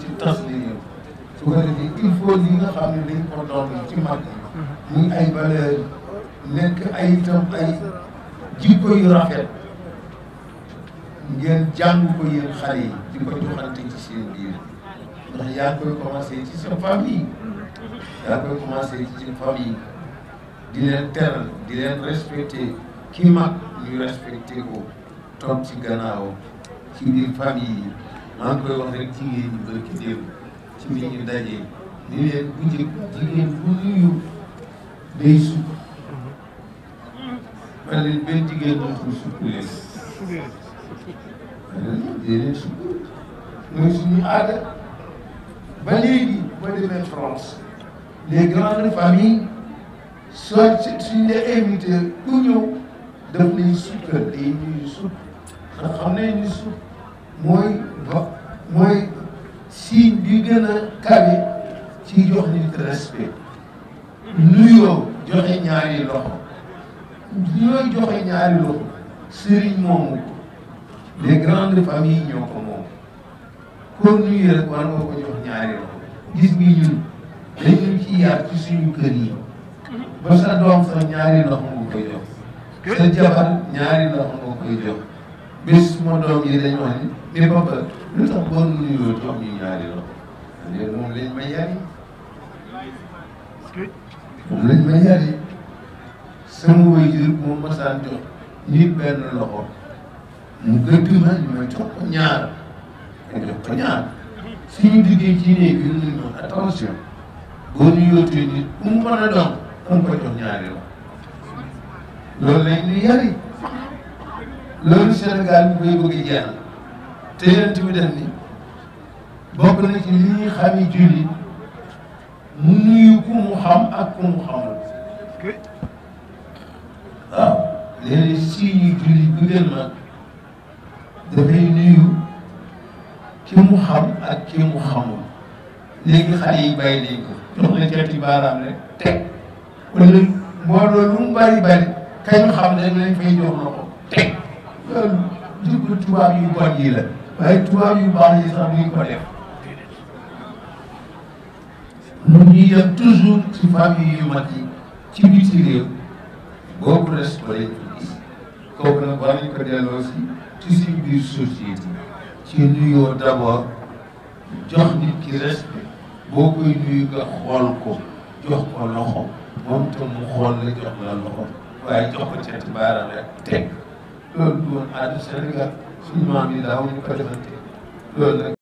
ci tas liggéeyam su ko defee il faut li nga xam ne dañ ko doon ci mag ñi ay valeur nekk ay itam ay jikko yu rafet ngeen jàng ko yéen xale yi di ko joxante ci seen biir ndax yaa koy commencé ci sa famille yaa koy commencé ci sa famille di leen teral di leen respecté ki mag ñu respecté ko toog ci gannaar ci biir famille yi maa ngi koy wax rek ci jigéen ñi bëri ci démb ci mbir ni leen bu njëkk jigéen bu nuyu day sukk man leen benn jigéen dootul sukk leen man leen sukk mooy suñu aada ba léegi boo demee France les grandes familles soit suñu la invité ku daf nañ sukkal day ñuy sukk ndax xam nañ sukk mooy mooy signe bi gën a kawe ci jox nit respect nuyoo joxe ñaari loxo ñooy joxe ñaari loxo sëriñ moomu les grandes familles ñoo ko moom kon nuyu rek war nga ko jox ñaari loxo gis ngi ñun dañu ci yar ci suñu kër yi ba sa doom sax ñaari loxo nga koy jox sa jabar ñaari loxo nga koy jox bis ma doom yi dañu wax ni ni papa lu tax boo nuyoo jox ñu ñaari loxo léegi ma yari moom lañ ma yari sama waajur moom ma saan jox nit benn loxo mu gëdd ma ñu ma jox ko ñaar ma jox ko ñaar suñu duggee ci ma attention boo nuyoo tuuti nit mu mën a doon mu ko jox ñaari loxo loolu Sénégal mi koy bëgg te yonent bi def ni bokk na ci li ñuy xami julli mu nuyu ku mu xam ak ku mu xamul waaw léegi si ñu julli gouvernement dafay nuyu ki mu xam ak ki mu xamul léegi xale yi bàyyi nañ ko jox la cati baaraam rek teg wala mbooloo mu bari bari kañ xam dañ lañ fay jox loxo teg jublu tubaab yu bon yi la waaye tubaab yu baax yi sax duñ ko def ñun ñuy dem toujours ci famille yu mag yi ci biti réew boobu respect kooku nag ko delloo si ci suñu biir société ci nuyoo d'abord jox nit ki respect boo koy nuyu nga xool ko jox ko loxo moom tam mu xool la jox la loxo waaye jox ko cet baaraam rek teg loolu du woon àdduna Sénégal suñu maam yi daawuñu ko defante loolu nag